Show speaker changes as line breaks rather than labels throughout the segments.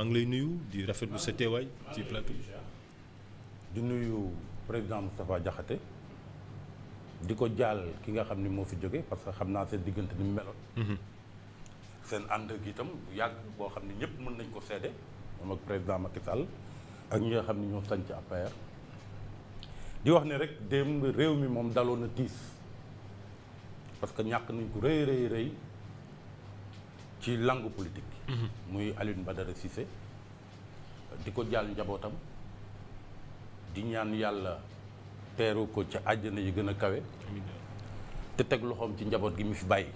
maa ngi lay nuyu di rafetlu sa teewaay ci plateau bi. di nuyu président Moustapha Diakhaté di ko jaal ki nga xam ni moo fi jóge parce que xam naa seen diggante ni mu meloon. Mhm. seen ànd gi itam bu yàgg boo xam ne ñëpp mën nañ ko seede moom président Macky Sall ak ñi nga xam ni ñoo ci APR di wax ne rek démb réew mi moom daloon na tiis parce que ñàkk nañ ko rëy rëy rëy. ci langue politique. Mhm. muy Alioune Badara Cissé di ko jàll njabootam di ñaan yàlla teeru ko ci àjjana yi gën a kawe. te teg loxoom ci njaboot gi mu fi bàyyi.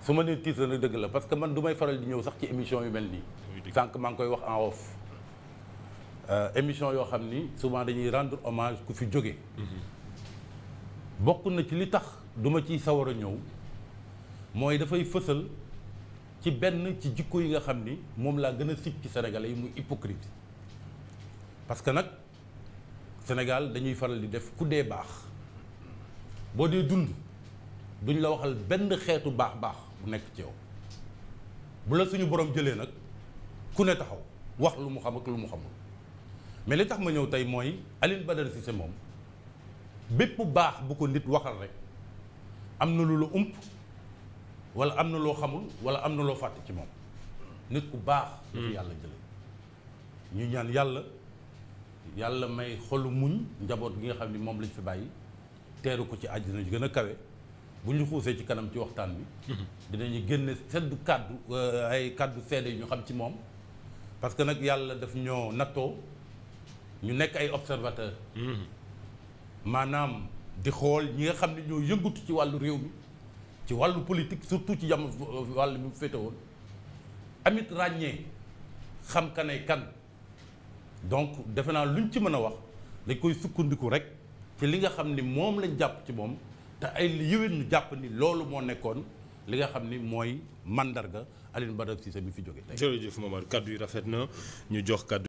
su ma nee tiis dëgg la parce que man du may faral di ñëw sax ci émission yu mel nii. sànq maa ngi koy wax en off. Euh, émission yoo xam ni souvent dañuy rendre hommage ku fi jóge mhm. bokk na ci li tax du ma ciy sawar a ñëw. mooy dafay fësal ci benn ci jikko yi nga xam ni moom laa gën a sib ci sénégalais yi muy hypocrite parce que nag Sénégal dañuy faral di def ku dee baax boo dee dund duñ la waxal benn xeetu baax baax bu nekk ci yow bu la suñu borom jëlee nag ku ne taxaw wax lu mu xam ak lu mu xamul mais li tax ma ñëw tey mooy Alioune si Cissé moom bépp baax bu ko nit waxal rek am na lu la ump wala am na loo xamul wala am na loo fàtte ci moom nit ku baax la fi hmm. yàlla jële ñu ñaan yàlla yàlla may xolu muñ njaboot gi nga xam ni moom lañ fi bàyyi teeru ko ci àjjana ju gën a kawe bu ñu xuusee ci kanam ci waxtaan bi hmm. dinañu génne seddu kàddu euh, ay kàddu seede yu ñu xam ci moom parce que nag yàlla daf ñoo nattoo ñu nekk ay observateur hmm. maanaam di xool ñi nga xam ne ñoo yëngatu ci wàllu réew bi ci wàllu politique surtout ci yam euh, wàll bi mu féete woon amit ràññee xam ka kan donc defe naa lu luñ ci mën a wax dañ koy sukkandiku rek ci li nga xam ni moom lañ jàpp ci moom te ay yëwén ñu jàpp ni loolu moo nekkoon li nga xam ni mooy mandarga Alioune Badara Cissé mi fi jóge tey jërëjëf Momar kàddu yi rafet na ñu jox kàddu